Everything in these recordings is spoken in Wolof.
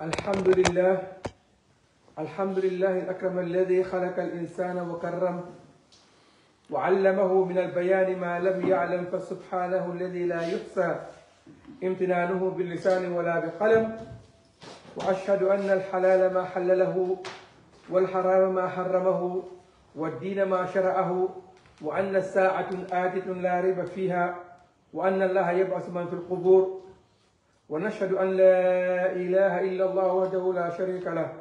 الحمد لله الحمد لله الأكرم الذي خلق الإنسان وكرم وعلمه من البيان ما لم يعلم فسبحانه الذي لا يحصى امتنانه باللسان ولا بقلم وأشهد أن الحلال ما حلله والحرام ما حرمه والدين ما شرعه وأن الساعة آتة لا ريب فيها وأن الله يبعث من في القبور ونشهد أن لا إله إلا الله وحده لا شريك له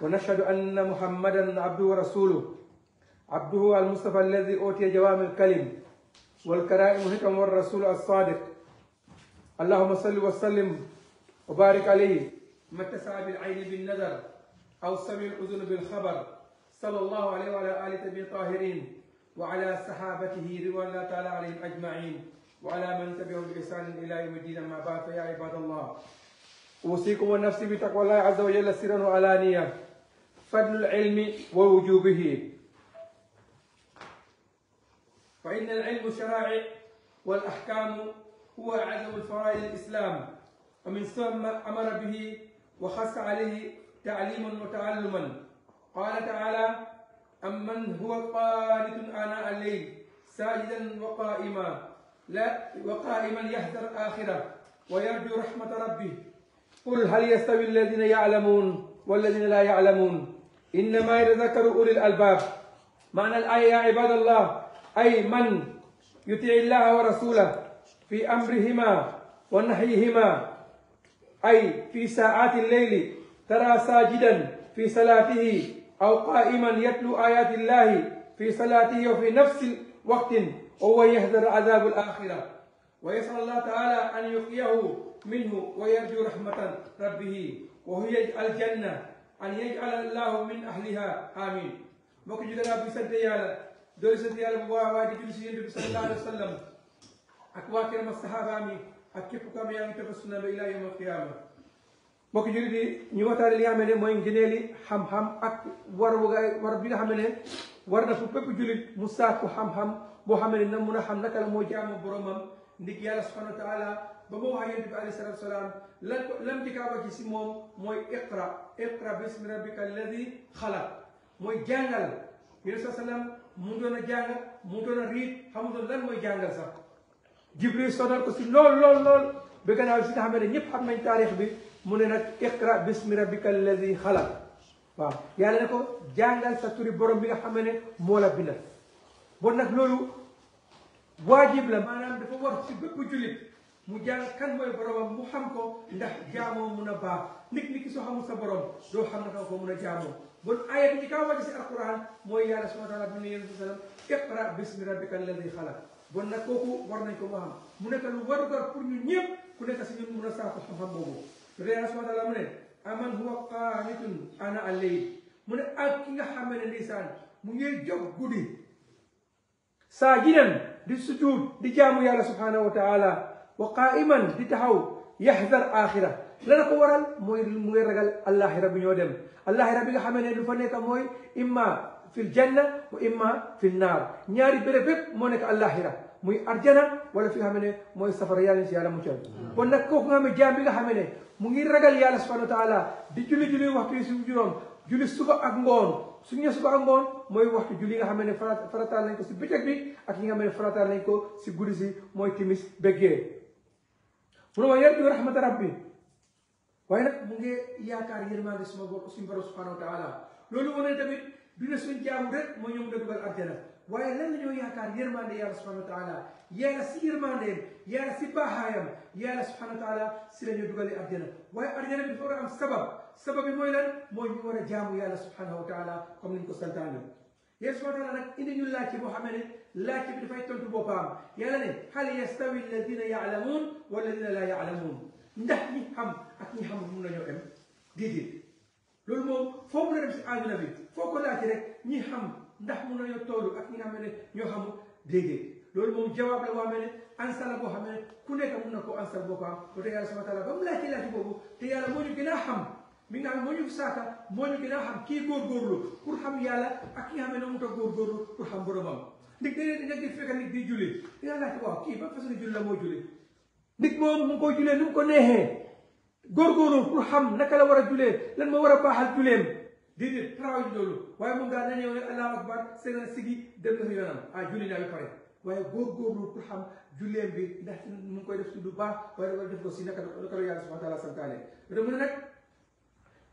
ونشهد أن محمدا عبده ورسوله عبده المصطفى الذي أوتي جوامع الكلم والكرائم الحكم والرسول الصادق اللهم صل وسلم وبارك عليه ما اتسع بالعين بالنذر أو سمع الأذن بالخبر صلى الله عليه وعلى آله الطاهرين وعلى صحابته رضوان الله تعالى عليهم أجمعين وعلى من تبعهم بإحسان إلى يوم الدين أما بعد فيا عباد الله أوصيكم ونفسي بتقوى الله عز وجل سرا وعلانية فضل العلم ووجوبه فإن العلم الشرعي والأحكام هو عدم الفرائض الإسلام ومن ثم أمر به وخص عليه تعليما وتعلما قال تعالى أمن هو قانت آناء الليل ساجدا وقائما لا وقائما يحذر الآخرة ويرجو رحمة ربه قل هل يستوي الذين يعلمون والذين لا يعلمون إنما يتذكر أولي الألباب معنى الآية يا عباد الله أي من يطيع الله ورسوله في أمرهما ونهيهما أي في ساعات الليل ترى ساجدا في صلاته أو قائما يتلو آيات الله في صلاته وفي نفس وقت وهو يحذر عذاب الآخرة ويسأل الله تعالى أن يقيه منه ويرجو رحمة ربه وهي الجنة أن يجعل الله من أهلها آمين مكجد الله بسد يالا دول سد يالا بواواد جلسي النبي صلى الله عليه وسلم أكواكر مستحاب آمين أكيفو كم يامي تبسنا بإلى يوم القيامة مكي جلدي نيواتا لليامي موين جنيلي حم حم أك ورغا ورغا ورغا ورغا war na fu bépp julit mu sàkku xam-xam boo xam ne na mun a xam naka la moo jaamu boromam ndig yàlla subhanahu wa taala ba mu wax yonent bi alayhi salatu wasalaam lan lam dikaawa ci si moom mooy iqra iqra bismi rabbika alladi xalaq mooy jàngal yonent saa sallam mu doon a jàng mu doon a riit xamutoon lan mooy jàngal sax jibril sonal ko si lool lool lool ba gannaaw si nga xam ne ñëpp xam nañ taarix bi mu ne nag iqra bismi rabbika alladi xalaq waaw yàlla ne ko jàngal sa turi borom bi nga xam ne moo la bindal bon nag loolu waajib la maanaam dafa war si bépp julit mu jàng kan mooy boromam mu xam ko ndax jaamoo mun a baax nit ki soo xamul sa borom doo xam naka ko mun a jaamoo bon bi ci kaw wàcc si alquran mooy yàlla subhana taala bi ne yéen sa salam iqra bismi rabbika alladi xalaq bon nag kooku war nañ ko mu xam mu nekk lu war pour ñun ñëpp ku nekk si ñun mun a saako xam-xam boobu aman huwa qaanitun ana allay mu ne ak ki nga xam ne ndeysaan mu ngi jóg guddi saajidan di sujuud di jaamu yàlla subhaanahu wa taala wa qaaiman di taxaw yaxdar axira lana ko waral mooy mu ngi ragal allahira bi ñoo dem allahira bi nga xam ne lu fa nekk mooy imma fil janna wa imma fil ñaari béréb bépp moo nekk allahira muy arjana wala fi nga xam ne mooy safara yàlla si yàlla muccal kon nag kooku nga xam mu ngi ragal yalla subhanahu wa taala di julli julli waxtu ci si julli suba ak ngoon su ñe suba ak ngoon moy waxtu julli nga xamene farata lañ ko ci bëccëg bi ak yi nga xam farata lañ ko ci gurisi moy timis beggee mu ne ma yarju rahmata rabbi way nak mu ngi yaakar yërmande suma bokk suñu borom subhanahu wa taala lolu wone tamit du ne jaamu rek moo ñoom dëggal arjana waaye lan la ñoo yaakaar yërmande yàlla subhanahu wa taala yàlla si yërmandeem yàlla si baaxaayam yàlla subhanahu wa taala si la ñu dugalee arjana waaye arjana bi dafa war a am sabab sabab bi mooy lan mooy ñu war a jaamu yàlla subhanahu wa taala comme niñ ko santaane yàlla subhanahu wa taala nag indi ñu laajte boo xam ne laajte bi dafay tontu boppam yàlla ne hal yastawi alladina yaalamuun walladina laa yaalamuun ndax ñi xam ak ñi xamul mun nañoo am déedéet loolu moom foo mën a dem si àdduna bi foo ko laajte rek ñi xam ndax mun nañoo toolu ak ñi nga xam ne ñoo xamul déedéet loolu moom jawaab la boo xam ne la boo xam ne ku nekk mun na koo ansar boo ko am ba tey yàlla subhanahu mu laajte laajte boobu te yàlla moo ñu gën a xam moo ñu saaka moo xam kii góorgóorlu pour xam yàlla ak ki nga xam mu ta góorgóorlu pour xam boromam ndig déedéet nga gis fekk di julli di nga laajte ba façon julli la moo julli nit moom mu ngi ko jullee mu ko neexee góorgóorlu pour xam naka la war a jullee lan moo war a baaxal julleem déedéet travail bi loolu waaye moom daal na ñëw ne allahu akbar seen sigi dem na fi yoonam ah julli naa bi pare waaye góorgóorlu pour xam julleem bi ndax mu ngi koy def si lu baax waaye dafa def ko si naka naka la yàlla subhanahu wa taala santaane te mu ne nag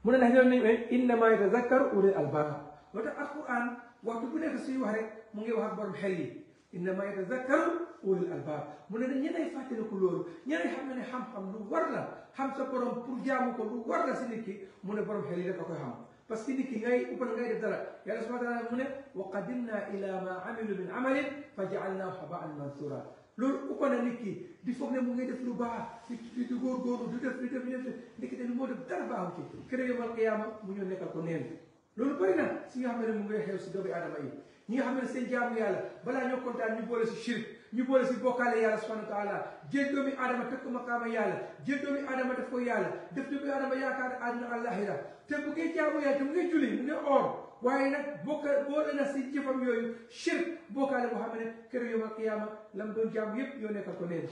mu ne ndax ñoom nañ innama yatazakkaru ulul albaab loo tax alquran waxtu bu nekk suy wax rek mu ngi wax ak borom xel yi innama yatazakkaru ulul albaab mu ne ñenn ay fàttaliku loolu ñenn ay xam ne ne xam-xam lu war la xam sa borom pour jaamu ko lu war la si nit ki mu ne borom xel yi dafa koy xam parce que nit ki ngay ubal ngay def dara yàlla subhanahu wa taala mu ne wa qadimna ila ma amilu min amalin fa jaalnaahu habaan mansura loolu ubal na nit ki di foog ne mu ngay def lu baax di di góorgóorlu du def du def du def ndekete moo def dara baaxul ci kër yomal qiyaama mu ñëw nekkal ko neen loolu bëri na si nga xam ne mu ngay xew si doomi aadama yi ñi nga xam ne seen jaamu yàlla balaa ñoo kontaan ñu boole si shirk ñu boole si bokkaale yàlla subhanahu wa taala jël doomi aadama teg ko maqaama yàlla jël doomi aadama def ko yàlla def doomi aadama yaakaar àdduna àllaaxira te bu ngeen jaamu yàlla te bu ngeen julli bu ngeen oor waaye nag bokka boole na si jëfam yooyu shirk bokkaale boo xam ne kër yowma qiyaama lam doon jaamu yëpp yoo nekkal ko neen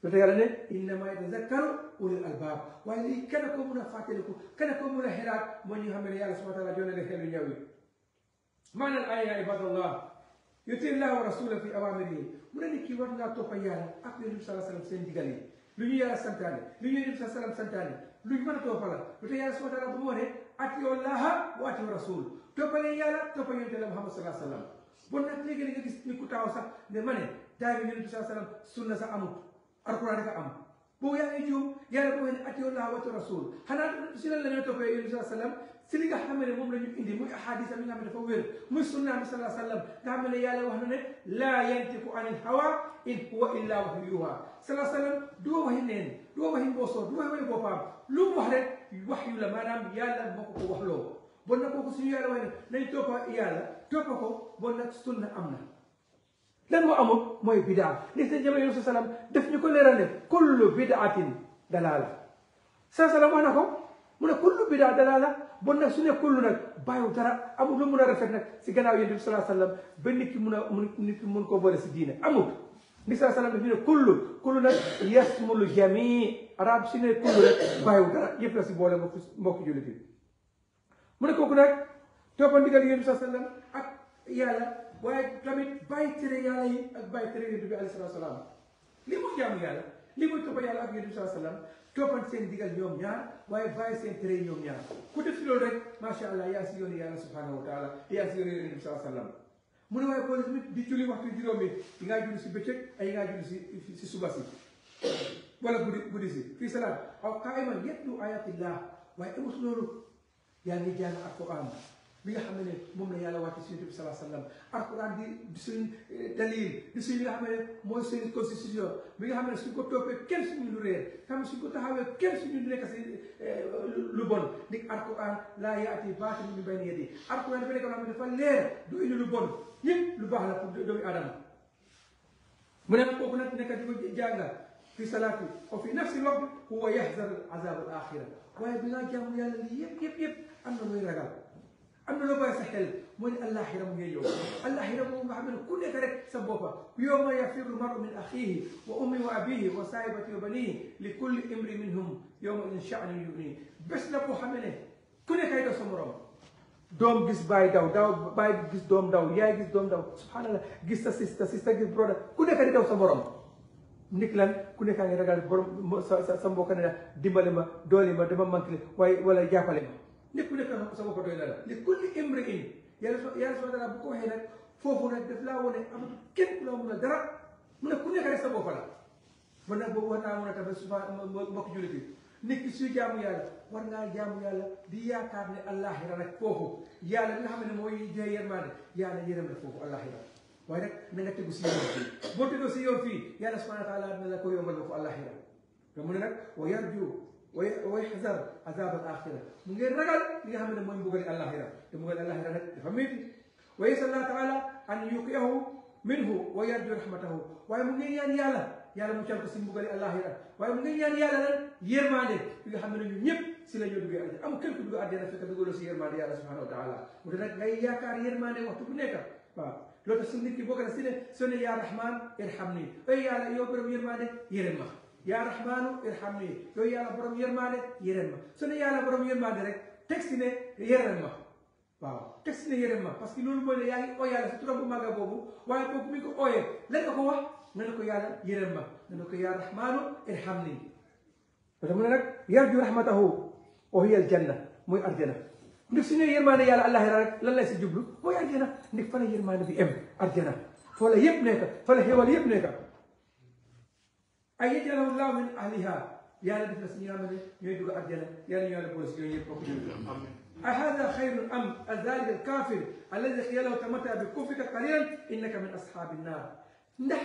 te yàlla ne innama yatazakkaru ulul albaab waaye lii kenn ko mun a fàttaliku kenn ko mun a xelaat mooy ñi nga xam ne yàlla subhanahu wa taala joone la xelu ñaw yi maanaam aaya ya ibadallah yuti llah wa rasula fi awamirihi mu ne nit ki war naa toppa yàlla ak yonent bi sallallahu alayhi wa sallam seen digal yi lu ñu yàlla santaane lu ñu yonent bi sallallahu alayhi wa sallam santaane luñ mën a toppal lu tax yàlla subhanahu wa taala bu mu waree atiyu llaha wa atiyu rasul toppale yàlla toppal yonente la Muhammad sallallahu alayhi wa sallam bon nag léegi nga gis ni ku taw sax ne ma ne taari yonente sallallahu alayhi wa sallam sunna sax amut alquran rek a am boobu yaa ngi juum yàlla boo ne atiyu llaha wa atiyu rasul xanaa si lan la ñoo toppee yonente sallallahu alayhi wa sallam si li nga xam ne moom la ñu indi muy ahadis am yi nga xam ne dafa wér muy sunna bi sallallahu alayhi wa sallam nga xam ne yàlla wax na ne laa yantiqu anil hawa in huwa illa wahyu yuha sallallahu alayhi wa sallam du waxi neen doo waxi mboosoo du waxi waxi lu mu wax rek wax yu la maanaam yàlla moo ko ko wax loo bon nag kooku suñu yàlla wax ne nañ toppa yàlla toppa ko bon nag sunna am lan moo amul mooy bidaa li seen jamono yonent salaam def ñu ko leeral ne kullu bidaatin dalaala sa salaam wax na ko mu ne kullu bidaa dalaala bon nag su ne kullu nag bàyyiwu dara amul lu mun a rafet nag si gannaaw yonent bi salaa sallam ba nit ki mun a mun nit ki mun koo boole si diine amul bi saa salaam dafa ne kullu kullu nag yasmul jami arab si ne kullu rek bàyyiwul dara yëpp la si boole mbokk mbokk jullit yi mu ne kooku nag toppa ndigal yéen bi saa salaam ak yàlla waaye tamit bàyyi tere yàlla yi ak bàyyi tere yonent bi alayhi salaatu salaam lii mooy jaamu yàlla lii mooy toppa yàlla ak yonent bi saa salaam toppan seen digal ñoom ñaar waaye bàyyi seen tere ñoom ñaar ku def si loolu rek macha allah yaa si yoonu yàlla subhanahu wa taala yaa si yoonu yonent bi saa salaam mu ne waaye police bi di julli waxtu juróomi yi ngaa julli si bëccëg ay yi ngaa julli si si suba si wala guddi guddi si fii salaat aw qaaiman yatlu ayatillah waaye amut loolu yaa ngi jàng alquran bi nga xam ne moom la yàlla wàcce ci Yonent bi salaa sallam alquran di suñ eh, dalil di suñ li nga xam ne mooy suñ constitution bi nga xam ne suñ ko toppee kenn suñu lu réer xam ne suñ ko taxawee kenn suñu lu nekk si eh, lu bon ndig alquran laa yaati baatil min bayni yadihi alquran dafa nekk loo xam ne dafa leer du indi lu bon ñëpp lu baax la pour doomu aadama mu ne kooku nag nekk di ko jàngal fi salaati wa fi nafsi waqt huwa yahzar azab al axira waaye bi nga jàmm yàlla lii yëpp yëpp yëpp am na looy ragal am na loo bàyyi sa xel moo di àllaaxira mu ngi yow àllaaxira moom nga xam ne ku nekk rek sa boppa yawma yafirru maru min axiihi wa ummi wa abiihi wa saahibati wa baniihi li kulli imri minhum yawma in sha'nun yugniihi bés la boo xam ne ku nekk ay daw sa morom doom gis baay daw daw baay gis doom daw yaay gis doom daw subhanallah gis sa sista sista gis broda ku nekk di daw sa morom ndik lan ku nekkaa ngi ragal borom sa sa mbokk ne la dimbale ma doole ma dama manqué waaye wala jàppale ma nit ku nekk nag sama ko doy na la li kulli imri'in yàlla soo yàlla soo dara bu ko waxee nag foofu nag daf laa wane amatu kenn ku la mun a dara mu ne ku nekk rek sa bopp la man nag boobu war naa mën a tafe suba mbokk jullit yi nit ki suy jaamu yàlla war ngaa jaamu yàlla di yaakaar ne allahira nag foofu yàlla li nga xam ne mooy joxe yërmaande yàlla yërëm la foofu allahira waaye nag na nga tegu si yoon fii boo tegoo si yoon fii yàlla subhanahu wa taala dina la ko yombal foofu allahira te mu ne nag wa yarju way way xasar azab al axira mu ngeen ragal li nga xam ne mooy mbugal alaxira te mbugal alaxira nag dafa métti wa yasalla taala an yuqiyahu minhu wa yarju rahmatahu waaye mu ngeen yaan yàlla yàlla mu cal ko si mbugali alaxira waaye mu ngeen yaan yàlla lan yërmande li nga xam ne ñun ñëpp si la ñoo duggee àjjana amul kenn ku dugg àjjana fekk dugaloo si yërmande yàlla subhanahu wa taala mu te nag ngay yaakaar yërmande waxtu bu nekk waaw loolu tax su nit ki bokk na si ne soo ne yaa rahman irham nii ay yàlla yow borom yërmande yërëm ma yaa rahmaanu irhamni yow yàlla borom yërmaane yërëm ma su ne yàlla borom yërmaane rek texte ne yërëm ma waaw texte ne yërëm ma parce que loolu mooy ne yaa ngi oo yàlla si turam bu màgg boobu waaye kooku mi ko ooyee lan nga ko wax nga ne ko yàlla yërëm ma nga ne ko yaa rahmaanu irhamni parce que mu ne nag yarju rahmatahu wa hiya aljanna mooy arjana ndax su ñu yërmaane yàlla àllaaxira rek lan lay si jublu mooy arjana ndax fa la yërmaane bi em arjana foo la yëpp nekk fa la xéwal yëpp nekk ay yaj'ala Allahu min ahliha yàlla def na si ñi nga xamante ne ñooy dugg àjjana yàlla ñu yàlla boole si ñooy yëpp bokk أهذا خير أم الذلك الكافر الذي قيل له تمتع بكفرك قليلا إنك من أصحاب النار ndax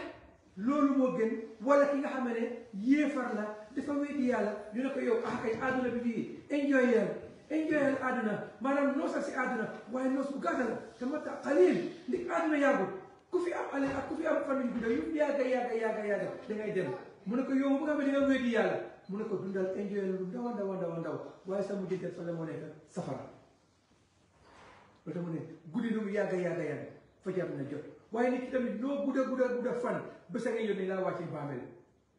loolu moo gën wala ki nga xam ne yéefar la dafa weddi yàlla ñu ne ko yow ah kay àdduna bi bii enjoy yàlla enjoy yàlla àdduna maanaam noosa si àdduna waaye noos bu gàttal tamata qalil ndax àdduna yàggul ku fi am alal ak ku fi am fan yu gudda yu yàgga yàgga yàgga yàgga da ngay dem mu ne ko yow bu nga xam ne da nga yàlla mu ne ko dundal enjoy lu ndaw ndaw ndaw ndaw waaye sa mujjante fa la moo nekk safara loolu tax mu ne guddi lu mu yàgg yàgg yàgg fajar na jot waaye nit ki tamit noo gudda gudda gudda fan bés a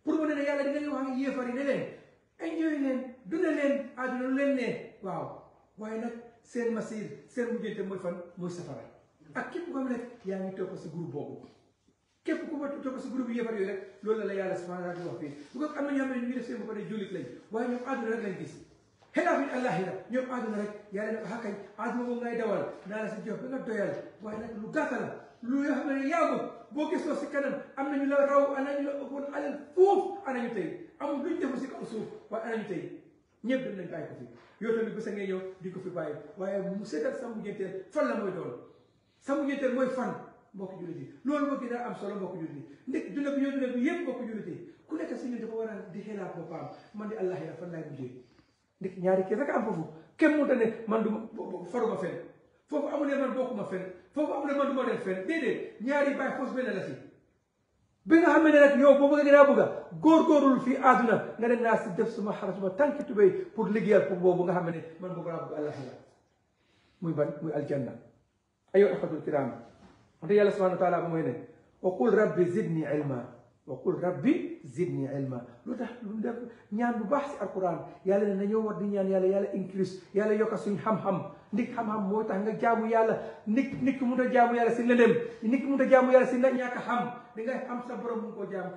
pour mu ne ne yàlla dinañ wax ak yéefar yi ne leen enjoy leen àdduna lu leen ne waaw waaye nag seen masir seen mujjante mooy fan mooy safara ak képp ko xam ne yaa ngi toog si groupe boobu képp ku ma topp si groupe yéefar yooyu rek loolu la la yàlla subhanahu wa taala wax fii bu ko am na ñoo xam ne ñu ngi def seen bopp ne jullit lañ waaye ñoom àdduna rek lañ gis xelaafuñu àllaaxira ñoom àdduna rek la si jox ba lu gàtta la lu yoo xam ne yaagu boo gisoo si kanam am nañu la raw am nañu la ëppoon alal foofu anañu tey amul si kaw suuf waaye anañu tey ñëpp dem nañ bàyyi ko fi yow tamit bés a ngay ñëw di ko fi bàyyi waaye mu seetal sa mujjanteel fan la mooy doon sa mujjanteel mooy fan mbokk jullit yi loolu moo gën a am solo mbokk jullit yi ndik dunda bi ñoo dunda bi yëpp mbokk jullit yi ku nekk si ñun dafa war a di xelaat boppam man di allah ya fan laay mujjee ndik ñaari kii rek am foofu kenn mu ne man du faruma fen foofu amul ne man bokkuma fen foofu amul ne man du ma def fen déedéet ñaari bàyyi foos benn la si bi nga xam ne nag yow boo bëgg dinaa bëgg a góorgóorlu fii àdduna nga ne naa si def suma xaral suma tànki tubéy pour liggéeyal pour boobu nga xam ne man bëgg naa bëgg allah muy ban muy aljanna ayo axatul kiraam Nanti Allah Subhanahu wa taala ini. Wa qul rabbi zidni ilma. Wa qul rabbi zidni ilma. Lu dah lu def Al bu baax ci alquran. Yalla ne ñoo war di Allah yalla yalla increase. Yalla yokka suñ ham. Nik ham ham. xam moy tax nga jaamu Nik nik muda mu da jaamu yalla ci lelem. yala. mu da jaamu yalla ci na ñaka xam. Da ngay sa borom ko Da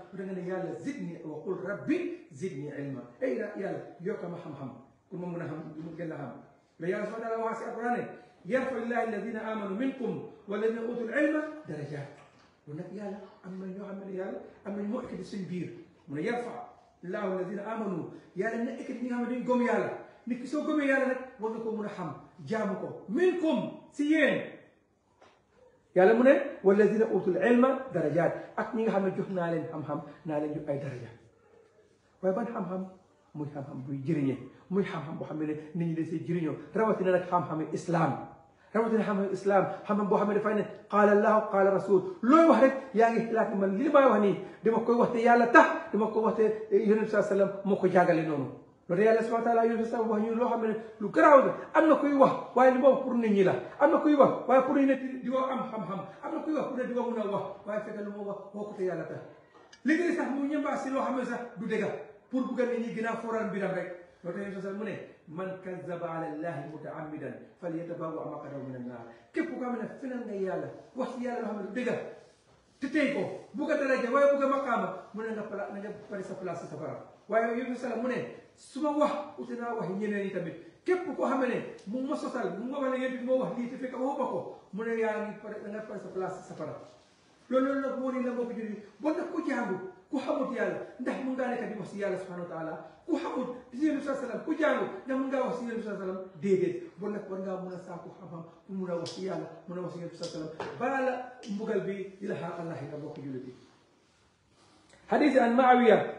zidni wa qul rabbi zidni ilma. Eh, ya Allah yokka ma ham ham. Ku mo ham xam mu gën la subhanahu wa taala يرفع الله الذين امنوا منكم والذين اوتوا العلم درجات يقول لك يالا اما يعمل يالا اما يؤكد السنبير من يرفع الله الذين امنوا يالا ناكد ني امنين قوم يالا نك سو قوم يالا نك وغكم مرحم جامكو منكم سيين يالا من والذين اوتوا العلم درجات اكني هم خامل جوخ نالين هم خام نالين جو اي درجات واي بان هم خام muy هم xam buy jëriñee muy xam-xam boo xam ne nit ñi dañ see jëriñoo rawatina nag rawatina xam-xam islam xam-xam boo xam ne dafay ne qaala allahu qaala rasul looy wax rek yaa ngi xilaat man li may wax nii dama koy waxte yàlla tax dama koy waxte yonent bi sallam moo ko jàngale noonu loolu yàlla subhana taala yonent sa wax ñu loo xam ne lu garaaw la am na kuy wax waaye li ma wax pour nit ñi la am na kuy wax waaye pour ñu ne di nga am xam-xam am na kuy wax pour ne di nga mën a wax waaye fekk lu moo wax moo ko te yàlla tax léegi sax mu ñëmbaa si loo xam ne sax du dëgg pour bëgg nit ñi gën a foral mbiram rek loolu yonent sa mu ne من كذب على الله متعمدا فليتبوع مقعده من النار كيف كامنا فين ان يالا واخ يالا لو حمل دغا تتي كو بوغا دراجه واي بوغا مقام من ان بلا نجا بري سو بلاصه سفر واي يوسف سلام من سوما واخ اوتنا واخ ينيني تامت كيف كو حمل مو مسوتال مو ما يعني لا يبي مو واخ لي تي فيك مو بوكو من يالا ني بري نجا بري سو بلاصه سفر لو لو لو بوري لا بوكو جيري بون كو جامبو كحمد يالا ده من قال لك بيوصي يالا سبحانه وتعالى كحمد زين رسول الله كجانو ده من قال وصي رسول الله ديدت بقول لك ورقا من ساكو حمام ومن وصي يالا من وصي رسول الله بالا مقلبي إلى حق الله ربك جلدي حديث عن معاوية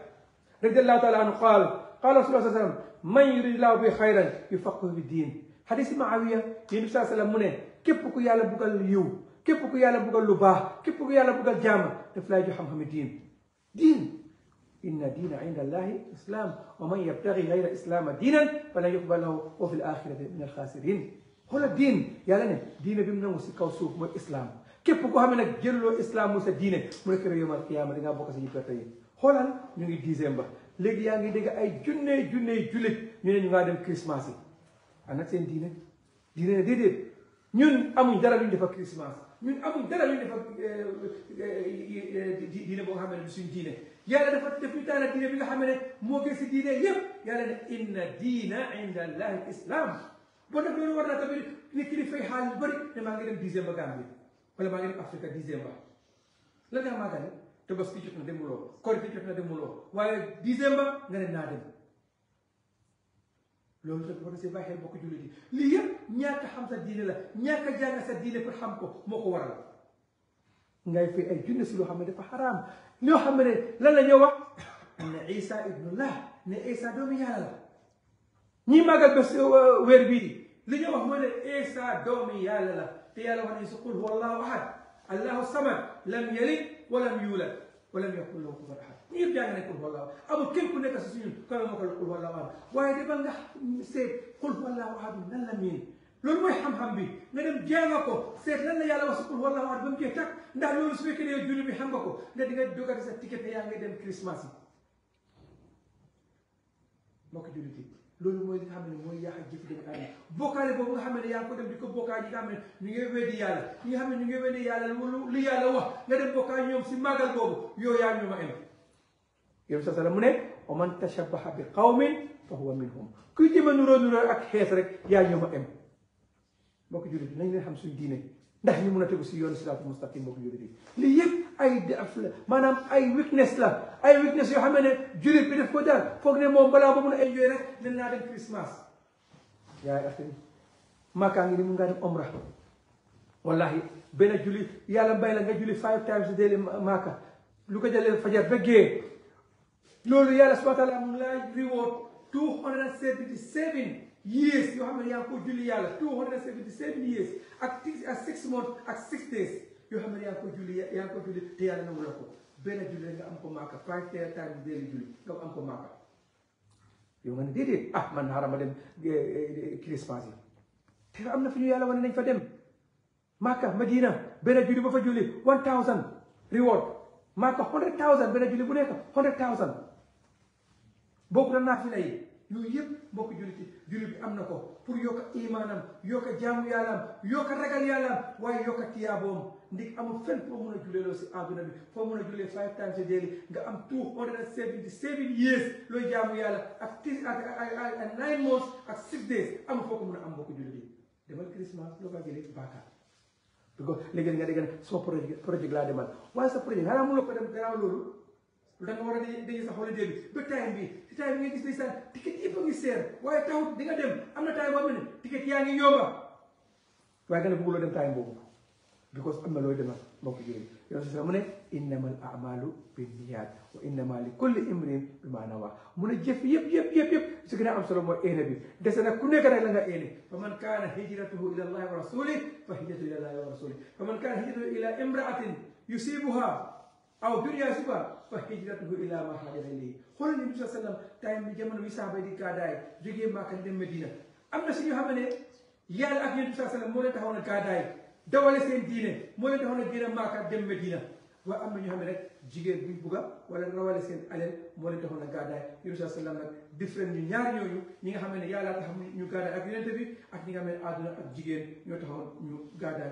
رضي الله تعالى عنه قال قال رسول الله صلى الله عليه وسلم من يريد الله به خيرا يفقه في الدين حديث معاوية ينبي صلى الله عليه وسلم منه كيف كو يالا بقول يو كيف كو يالا بقول لباه كيف كو يالا بقول جامع دفلا جو حمام الدين دين إن دين عند الله إسلام ومن يبتغي غير إسلام دينا فلن يقبله وفي الآخرة من الخاسرين هل الدين يا لنا دين بمن وسكا وسوف من إسلام كيف بقى من جلو إسلام موسى دين من كريم يوم القيامة دعنا بقى سيجي بتاعي هولان نيجي ديسمبر لقي يعني دعنا أي جنة جنة جلت نيجي نيجي دم كريسماسي أنا تين دين دين ديدي نيون أمي لين نيجي فكريسماس من أم دلال دفع دين أبو آه، آه، آه، حمل بسم دينه يا دفع دفع تانا دين أبو حمل موجس دينه يب يا لنا إن دين عند الله الإسلام بنا بنا ورنا تبي نكل في حال بري نماغير ديزمبر كامل ولا ماغير أفريقيا ديزمبر لا ده ما ده تبص كيف نده ملو كور كيف نده ملو ويا ديزمبر غير نادم loolu dafa war a si bàyyi xel bokk jullit yi lii yëpp ñàkk xam sa la ñàkk a jàng sa diine pour xam ko moo ko waral ngay fay ay si loo xam ne dafa xaraam loo xam ne lan la ñoo wax ne Isa ibnullah ne Isa doomu yàlla la ñi màggal bés euh, weer bii di li ñoo wax mooy ne Isa doomu yàlla la te yàlla wax ne su qul huwa allahu ahad allahu samad lam yalid walam yulad walam yakun ñu yëpp jàng nañ xul wallaahu amul kenn ku nekk si suñu kala ma ko xul wallaahu ahad waaye dafa nga seet xul wallaahu ahad lan la miin loolu mooy xam-xam bi nga dem jànga seet lan la yàlla wax si xul wallaahu ba mu jeex tàkk ndax loolu su fekkee ne yow julli bi xam nga ko nga di nga dogati sa ticket yaa ngi dem Christmas yi moo ko jullit yi loolu mooy li nga xam ne mooy yàq jëf doomu aadama bokkaale boobu nga xam ne yaa ngi ko dem di ko bokkaa yi nga xam ne ne ñu ngi weddi yàlla lu yàlla wax nga dem bokkaa ñoom si màggal boobu yow yaa ñu ma yonent bi salaam mu ne wa man tashabbaha bi qawmin fa huwa minhum kuy jéem a nuróo nuróo ak xees rek yaa ñoom a em mbokk jullit bi nañ leen xam suñu diine ndax ñu mun a tegu si yoonu siraatul mustaqim mbokk jullit bi lii yëpp ay def la maanaam ay weakness la ay weakness yoo xam ne jullit bi def ko daal foog ne moom balaa ba mun a enjoy rek nen naa dem Christmas yaay axi maakaa ngi ni mun ngaa dem omra wallahi benn julli yàlla bay la nga julli five times daily maaka lu ko jëlee fajar ba gee loolu yàlla subhaana taala mu lay reward two hundred and seventy seven years yoo xam ne yaa ngi ko julli yàlla two hundred and seventy seven years ak six months ak six days yoo xam ne yaa ngi ko julli yaa ngi ko julli te yàlla nangu la ko benn julli rek nga am ko maaka five prayer times daily julli ah, man xaaral ma dem eh, Christmas yi te am na fu ñu yàlla wane nañ fa dem Makka Madina benn julli ba fa julli one thousand reward Makka hundred thousand benn julli bu nekk hundred thousand bokk na naafila yi yooyu yëpp mbokk jullit yi jullit bi am na ko pour yokk imaanam yokk jaamu yàllaam yokk waaye yokk tiyaaboom ndik amul fenn foo mun a jullee loo bi foo mun a jullee five times a day nga am two hundred and seven years looy jaamu yàlla ak nine months ak six days amul foo ko mun a am mbokk jullit yi demal Christmas loo ko dem loolu da nga war a day sa holiday bi ba time bi si time bi nga gis ne sa ticket yëpp a ngi seer waaye taxut di nga dem am na time boo xam ne ticket yaa ngi yomba waaye gën a bëgguloo dem time boobu because am na looy demal mbokk jooyu yoon sa mu ne innamal amalu binniyaat wa innama li kulli imrin bi maa nawaa mu ne jëf yëpp yëpp yëpp yëpp su gën a am solo mooy éene bi dese na ku nekk nag la nga éene fa man kaana hijratuhu ila allahi wa rasuli fa hijratuhu ila allahi wa rasuli fa man kaana hijratuhu ila imraatin yusibuha aw duniyaa si ba fa hijratuhu ila ma hajara ilayhi xoolal ni bisa sallam time bi di kaadaay ak yéen bisa sallam moo leen a kaadaay dawale seen diine moo leen taxawoon a génn Màkka dem Medina waaye am na ñu xam ne rek jigéen buñ bugga wala rawale seen alal moo leen taxoon a gàddaay yonent bi sallam ñu ñaar ñooñu ñi nga xam ne yàlla tax ñu gàddaay ak yonent bi ak ñi ñoo taxoon ñu gàddaay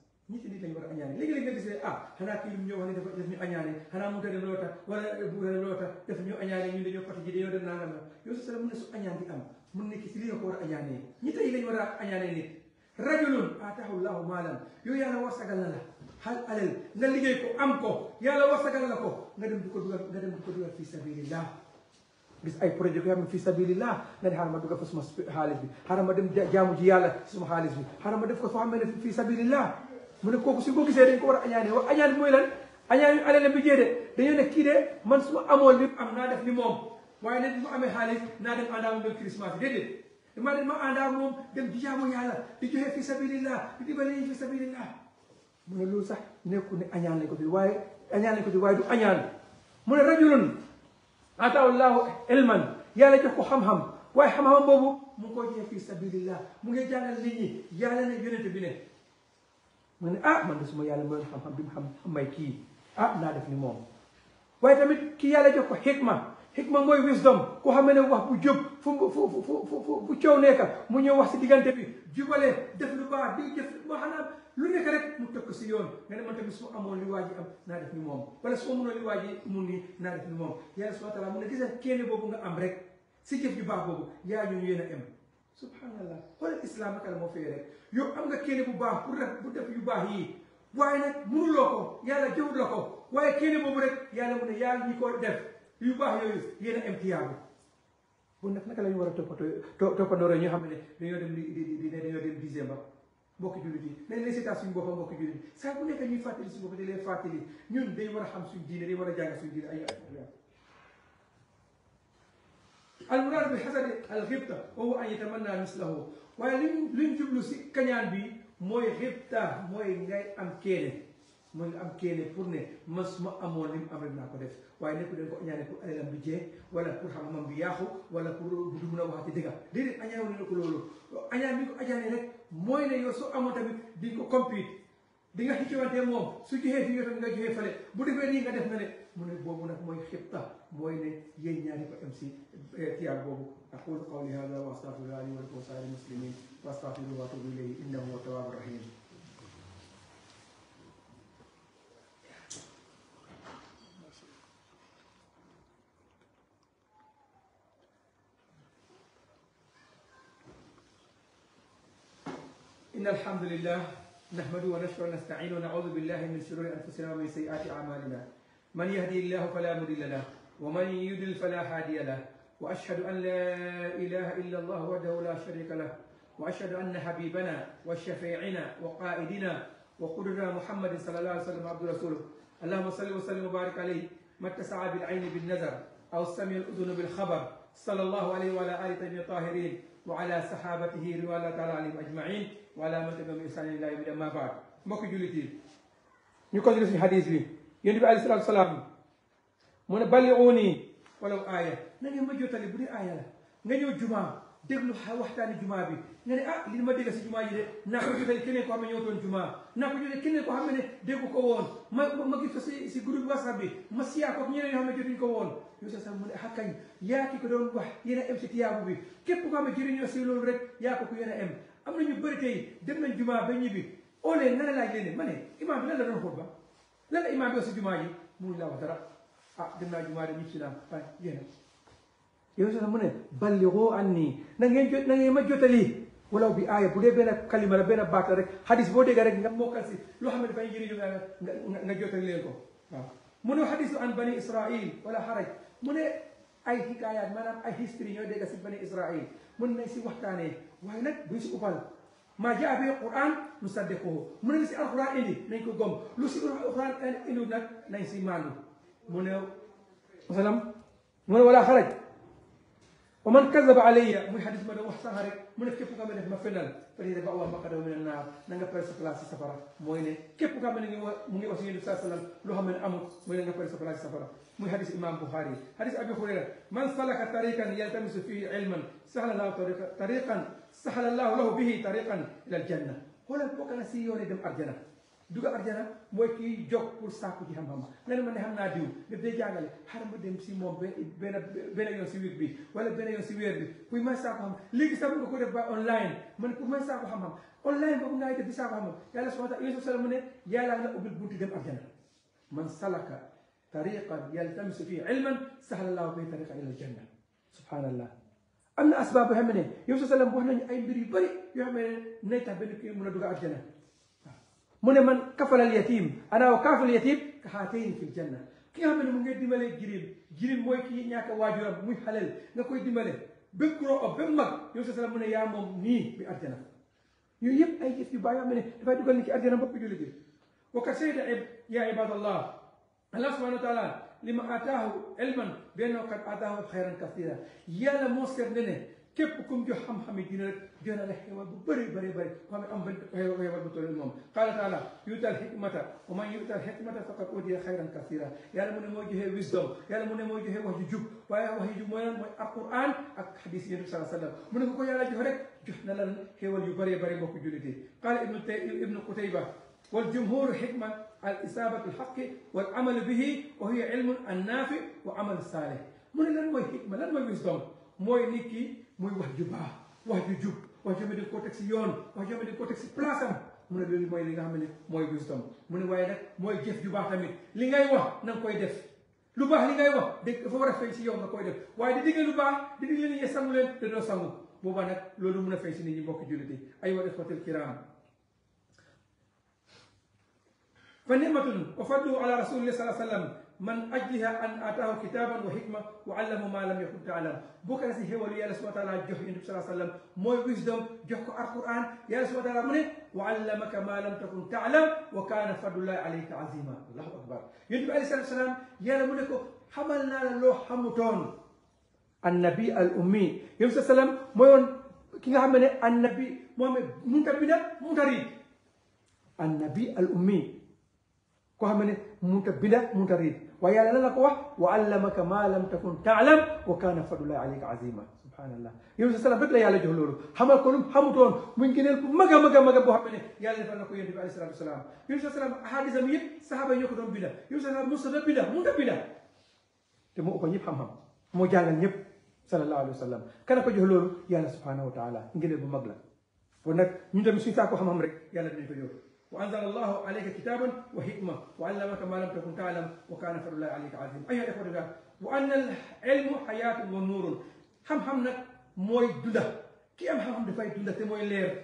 ñi ci nit lañ war a añaane léegi la yow su sala mën na su a añaanee ñi tey lañ war a na la hal alal liggéey ko am ko yàlla warsagal na ko nga dem di ko dugal nga dem di ko dugal fi sabilillah gis ay projet yoo xam ne fii sabilillah nga ne xaaral ma dugal fa suma xaalis bi ji yàlla suma xaalis bi xaaral ma def sabilillah mu ne kooku si ko gisee dañ ko war a añaane wax añaan mooy lan añaan yu alal bi jéede dañoo ne kii de man su ma amoon li am naa def ni moom waaye ne bu ma amee xaalis naa dem àndaa moom dem christmas déedéet dama dem ma àndaa moom dem di jaamu yàlla di joxe fi sabilillah di dimbale fi sabilillah mu ne loolu sax nekku ne añaan lañ ko fi waaye añaan lañ ko fi waaye du añaan mu ne rajulun ataahu llahu ilman jox ko xam-xam waaye xam-xam boobu mu ko koy joxe fi sabilillah mu ngi jàngal nit ñi yàlla ne yonente bi ne ma ne ah man de suma yàlla mayoon xam-xam bi mu xam may kii ah naa def ni moom waaye tamit kii yàlla jox ko xikma xikma mooy wisdom koo xam ne wax bu jub fu mu fu fu fu fu mu ñëw wax si diggante bi jubale def lu baax di def moo xanaa lu nekk rek mu tëkk si yoon nga ne man tamit su amoon li waa ji am naa def ni moom wala su amoon li waa ji mu ngi naa def moom yàlla subhana mu ne gis kenn boobu nga am rek si jëf ju baax boobu yaa ñu yéen a am subhanallah xoolal islam ak moo fay yow am nga kéene bu baax pour rek bu def yu baax yii waaye nag mënuloo ko yàlla jëwul la ko waaye kéene boobu rek yàlla mu ne yaa ñi ko def yu baax yooyu yéen a am tiyaabu bon nag naka la ñu war a toppatoo toppandooree ñoo xam ne dañoo dem di di di dañoo dem dixième mbokki jullit yi nañ leen seetaan suñu boppam mbokki jullit yi saa bu nekk ñuy fàttali suñu bopp di leen fàttali ñun day war a xam suñu diine day war a jàng suñu diine ay al muraad bi xasadi al xibta wa huwa an yatamanna mislahu waaye li ñu li ñu jublu si kañaan bi mooy xibta mooy ngay am keene mooy nga am keene pour ne man su ma amoon li mu am rek naa ko def waaye nekkul dañ ko añaane pour alalam bi jee wala xam-xamam bi yaaxu wala pour du mun a waxati dëgga déedéet añaane ne ko loolu añaan bi ko añaane rek mooy ne yow soo amoon tamit di ko compite di nga xëccewante moom su joxee fii yow tamit nga joxee fale bu defee nii nga def na ne بوبو نك موي خطه موي ني يي يعني نياري كو ام سي تيال إيه، بوبو اقول قولي هذا واستغفر الله لي ولكم سائر المسلمين واستغفر الله وتوب اليه انه هو التواب الرحيم إن الحمد لله نحمد ونشكر ونستعين ونعوذ بالله من شرور أنفسنا ومن سيئات أعمالنا من يهدي الله فلا مضل له ومن يضلل فلا هادي له واشهد ان لا اله الا الله وحده لا شريك له واشهد ان حبيبنا وشفيعنا وقائدنا وقدرنا محمد صلى الله عليه وسلم عبد رسوله اللهم صل وسلم وبارك عليه ما اتسع بالعين بالنظر او سمع الاذن بالخبر صلى الله عليه وعلى اله طيبين الطاهرين وعلى صحابته رضوان الله تعالى عليهم اجمعين وعلى من تبعهم باحسان الى يوم الدين ما بعد mbokk jullit yi ñu ko ci yonent bi alayhi salaatu salaam mu ne balli'uuni walaw aaya na ngeen ma jottali bu dee aaya la nga ñëw jumaa déglu waxtaani jumaa bi nga ne ah li ma dégg si jumaa ji de koo xam ne ñëwtoon jumaa naa ko jottali keneen ne déggu ko woon ma ma gis si si groupe whatsapp bi ma siyaa ko yoo xam ne jotuñu ko woon yow sax mu ne ah kañ yaa ki ko doon wax am si tiyaabu si loolu rek yaa ko ku yéen am na ñu bëri tey dem nañ jumaa ba ñibbi oo leen nga ne laaj leen ne ma ne imaam bi lan la doon xutba lan la imaam bi si jumaa ji mënuñ laa wax dara ah dem naa jumaa de ñib si naa bàyyi génn yow sax mu ne balligoo anni na ngeen jot na ngeen ma jotali walaw bi aaya bu dee benn kalima la benn baat la rek hadis boo dégg rek nga mokkal si loo xam ne dafay jëriñu nga nga jotali leen ko waaw mu ne hadisu an bani israil wala haraj mu ne ay hikaayaat maanaam ay history ñoo dégg si bani israil mën nañ si waxtaanee waaye nag buñ si uppal ما جاء به القران نصدقه من نسي القران اندي نانكو غوم لو سي القران اندي نك نانسي مانو مونيو وسلام مون ولا خرج ومن كذب علي مو حديث مدو سهر من كيف كامل ما فينال فريد با الله بقدر من النار نغا بيرس بلاص سفر موي ني كيف كامل ني موي وسي الله صلى الله عليه وسلم لو حمل امو موي نغا بيرس بلاص سفر موي حديث امام بخاري حديث ابي هريره من سلك طريقا يلتمس فيه علما سهل الله طريقا sahala allahu lahu bihi tariqan ila aljanna xoolal kooka la si yoone dem arjana dugg arjana mooy kii jóg pour sàkku ci xam-xam nga ne ma ne xam naa diw daf dee jàngale xaaral ma dem si moom benn benn yoon si week bi wala benn yoon si weer bi kuy may sàkku xam léegi sax ko def ba online man ku may sàkku xam-xam online boobu mu ne yàlla na ubbil bunti dem arjana man salaka tariqan yaltamisu fii ilman sahala allahu bihi tariqan ila aljanna subhanallah am na asbaab yoo xam ne yow sa salaam wax nañu ay mbir yu bëri yoo xam ne nay tax benn kii mën a dugg àjjana mu ne man kafalal yatim ana wa kaafal yatim ka xaatayin fil janna ki nga xam ne mu ngay dimbalee jirim jirim mooy kii ñàkk waajuram muy xaleel nga koy dimbale ba kuroo o ba mag yow sa salaam mu ne yaa moom nii muy àjjana yooyu yëpp ay jëf yu baax yoo xam ne dafay dugal ni ki àjjana bopp jullit bi wa ka sayda yaa ibadallah allah subhanahu wa taala لما اتاه علما بانه قد اتاه خيرا كثيرا يا لموسر لنا كيفكم جو حم حم دينا دينا الحيوة بري بري بري وهم أم بن حيوة حيوة بطول المهم قال تعالى يؤتى الحكمة ومن يؤتى الحكمة فقد أودي خيرا كثيرا يا لمن موجه wisdom يا لمن موجه وحي جب ويا وحي جب ويا وحي القرآن الحديث النبي صلى الله عليه وسلم من هو يا لجهرك جحنا لن حيوة بري بري بكو جلدي قال ابن ابن قتيبة والجمهور حكمة على إصابة الحق والعمل به وهي علم النافع وعمل صالح من لن موي حكمة لن موي ويزدوم موي نيكي موي وحجبا وحججب وحجب دي كوتك سيون وحجب دي كوتك سيبلاسم من لن موي لغا ملي موي ويزدوم من واي لك موي جيف جبا تامين لنغاي وح نمكوي دف lu bax li ngay wax dég dafa war a fay si yow nga koy def waaye di digal lu baax di digal leen yee sangu leen te doo فنعمة أفضل على رسول الله صلى الله عليه وسلم من أجلها أن أتاه كتابا وحكمة وعلمه ما لم يكن تعلم بكرة نسي هيولي يا سبحانه وتعالى جه النبي صلى الله عليه وسلم موي ويزدم جوه القرآن يا سبحانه وتعالى من وعلمك ما لم تكن تعلم وكان فضل الله عليك عظيما الله أكبر يندب عليه الصلاة والسلام يا منكو حملنا له حمتون النبي الأمي يوم صلى الله عليه وسلم موي كي النبي محمد منتبنا منتري النبي الأمي koo xam ne mënut a binda mënut a riid waaye yàlla lan la ko wax wa allamaka ma lam takun taalam wa kaana fadlullahi alayka azima sa salaam rek la ko lu xamutoon muy ngëneel bu mag a mag a mag boo xam na ko yonent bi alayhi salaatu wasalaam yow sa salaam ahadisam yëpp sahaaba yi ñoo ko doon binda yow sa salaam musta na binda mënut a binda te moo ëpp ñëpp xam-xam moo jàngal ñëpp sallallahu alayhi wa sallam kana ko jox loolu wa taala ngëneel bu mag la kon nag ñu tamit suñu sàkku xam-xam rek yàlla dinañ ko jox وأنزل الله عليك كتابا وحكمة وعلمك ما لم تكن تعلم وكان فضل الله عليك عظيما أيها الأخوة الكرام وأن العلم حياة ونور هم هم نك موي دودا كي أم هم هم دفاي دودا تموي لير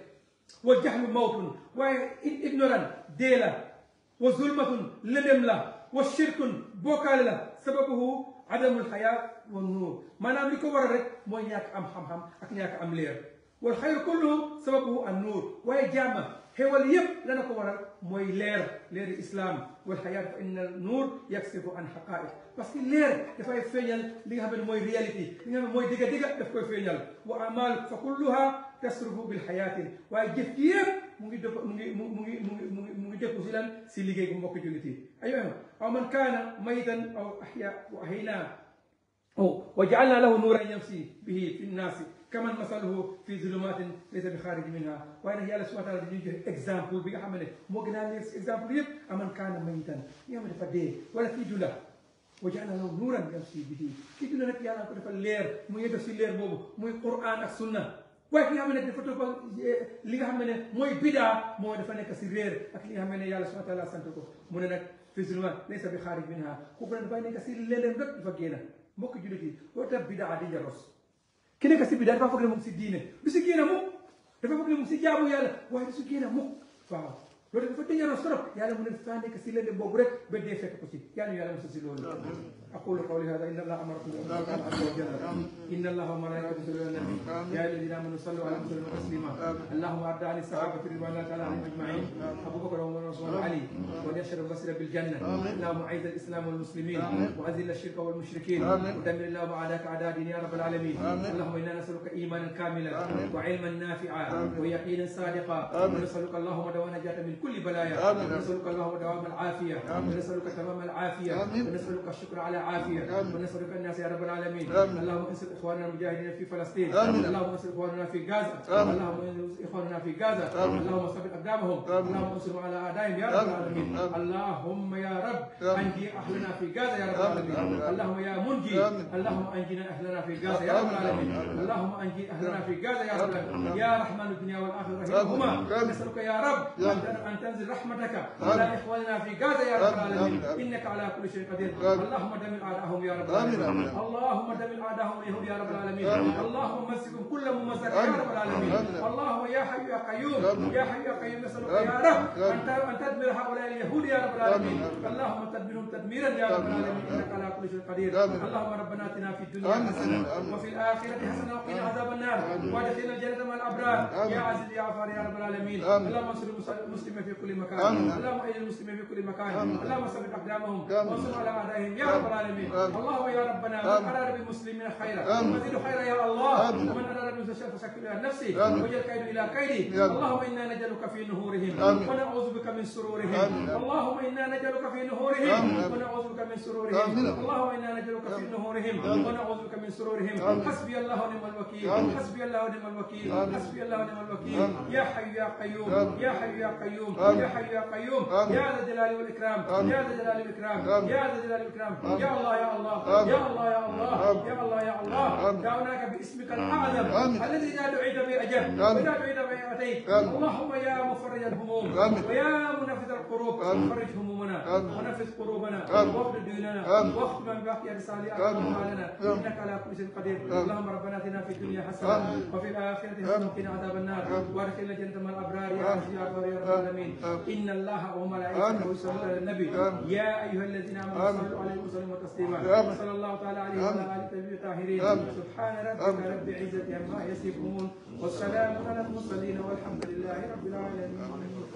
وجهل موت وإنورن ديلا وظلمة لدم لا وشرك بوكال لا سببه عدم الحياة والنور ما نملك ورد موي ياك أم هم هم أكن ياك أم لير والخير كله سببه النور وهي جامع هو اليب لنا كورا موي لير لير الاسلام والحياه فان النور يكشف عن حقائق بس لير دافاي فينال لي هابن موي رياليتي لي هابن موي ديغا ديغا دافكو فينال واعمال فكلها تسرب بالحياه وهي جف يب موغي موغي موغي موغي موغي ديكو سيلان سي ليغي مبوك جوليتي ايوا او من كان ميتا او احيا واحيناه أو وجعلنا له نورا يمشي به في الناس كما مثله في ظلمات ليس بخارج منها وأنا هي الله سبحانه وتعالى اكزامبل example بي عمله مو قلنا لي اكزامبل يب أمن كان ميتا يعمل فدي ولا في جلا وجعلنا له نورا يمشي به كي جلا نك يانا كده فاللير مو يدرس اللير بوب مو القرآن السنة waaye ki nga xam ne dafa topp li nga xam ne mooy bidaa moo dafa nekk si réer ak li nga xam ne yàlla subhana taala sant ko mu ne nag mbokk jullit yi loolu tam bidaa di jaros ki nekk si bidaa dafa foog ne moom si diine du si génn mukk dafa foog ne moom si jaamu yàlla waaye du si génn mukk waaw loolu dafa di si lëndëm boobu rek ba dee fekk ko si yàlla yàlla mos a si loolu. اقول قولي هذا ان الله امركم بان تطيعوا عز وجل ان الله وملائكته يصلون على النبي يا ايها الذين امنوا صلوا عليه وسلموا تسليما اللهم اعد عن الصحابه رضوان الله تعالى عنهم اجمعين ابو بكر وعمر وعثمان وعلي ونشر البصره بالجنه اللهم اعز الاسلام والمسلمين واذل الشرك والمشركين ودمر اللهم اعداءك اعداء دين يا رب العالمين اللهم انا نسالك ايمانا كاملا وعلما نافعا ويقينا صادقا ونسالك اللهم دواء النجاه من كل بلايا ونسالك اللهم دوام العافيه ونسالك تمام العافيه ونسالك الشكر على والعافيه ونصرك الناس يا رب العالمين امين اللهم انصر اخواننا المجاهدين في فلسطين امين اللهم انصر اخواننا في غزه اللهم انصر اخواننا في غزه اللهم ثبت اقدامهم اللهم انصرهم على اعدائهم يا رب العالمين اللهم يا رب انجي اهلنا في غزه يا رب العالمين اللهم يا منجي اللهم انجينا اهلنا في غزه يا رب العالمين اللهم انجي اهلنا في غزه يا رب العالمين يا رحمن الدنيا والاخره رحمهما نسالك يا رب ان تنزل رحمتك على اخواننا في غزه يا رب العالمين انك على كل شيء قدير اللهم دمر اعداءهم يا رب العالمين اللهم دمر اعداءهم لهم يا رب العالمين اللهم مسكهم كل ممسك يا رب العالمين اللهم يا حي يا قيوم يا حي يا قيوم نسالك يا رب ان تدمر هؤلاء اليهود يا رب العالمين اللهم تدمرهم تدميرا يا رب العالمين انك على كل شيء قدير اللهم ربنا اتنا في الدنيا حسنه وفي الاخره حسنه وقنا عذاب النار وادخلنا الجنه مع الابرار يا عزيز يا غفار يا رب العالمين اللهم انصر المسلمين في كل مكان اللهم اجعل المسلمين في كل مكان اللهم ثبت اقدامهم وانصر على اعدائهم يا رب العالمين العالمين اللهم يا ربنا من اراد بالمسلمين خيرا ومزيد خيرا يا الله ومن اراد بالمسلمين فشكل يا نفسي واجعل كيد الى كيدي اللهم انا نجعلك في نهورهم ونعوذ بك من سرورهم اللهم إنا في نهورهم ونعوذ بك من سرورهم اللهم إنا نجعلك في نهورهم ونعوذ بك من سرورهم حسبي الله ونعم الوكيل حسبي الله ونعم الوكيل حسبي الله ونعم الوكيل يا حي يا قيوم يا حي يا قيوم يا حي يا قيوم يا ذا الجلال والإكرام يا ذا الجلال والإكرام يا ذا الجلال والإكرام يا الله يا الله يا الله يا الله يا الله يا الله دعوناك باسمك الأعظم الذي إذا دعيت بأجب وإذا دعيت بأتيت اللهم يا مفرج الهموم ويا منفذ القروب فرج هموم همومنا ونفس كروبنا واغفر ديوننا واختم من بقي رسالي اعمالنا انك على كل شيء قدير اللهم ربنا اتنا في الدنيا حسنه وفي الاخره حسنه وقنا عذاب النار وادخلنا الجنه مع الابرار يا عزيز يا غفور يا رب العالمين ان الله وملائكته يصلون على النبي يا ايها الذين امنوا صلوا عليه وسلموا تسليما صلى الله تعالى عليه وعلى اله الطيبين الطاهرين سبحان ربك رب العزه عما يصفون والسلام على المرسلين والحمد لله رب العالمين